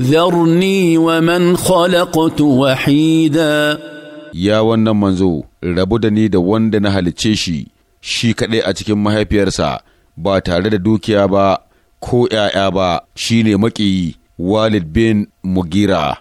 ذرني ومن خلقت وحيدا يا wannan manzo rabu da ni da wanda na halicce shi shi kaɗai a cikin mahaifiyarsa ba tare da dukiya ba ko ‘ya'ya ba shine maƙiyi Walid bin Mugira.